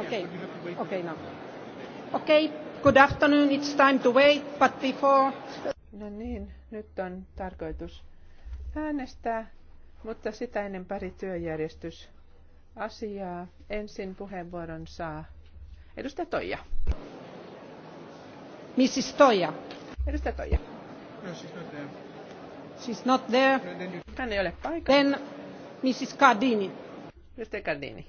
Okay. Okay, now. Okay, good afternoon. It's time to wait, but before... No niin, nyt on tarkoitus äänestää, mutta sitä ennen pari työjärjestys asiaa. Ensin puheenvuoron saa edustaja Toija. Mrs. Toija. Edustaja Toija. No, she's not there. She's not there. Hän ei ole paikalla. Then Mrs. Cardini. Mr. Cardini.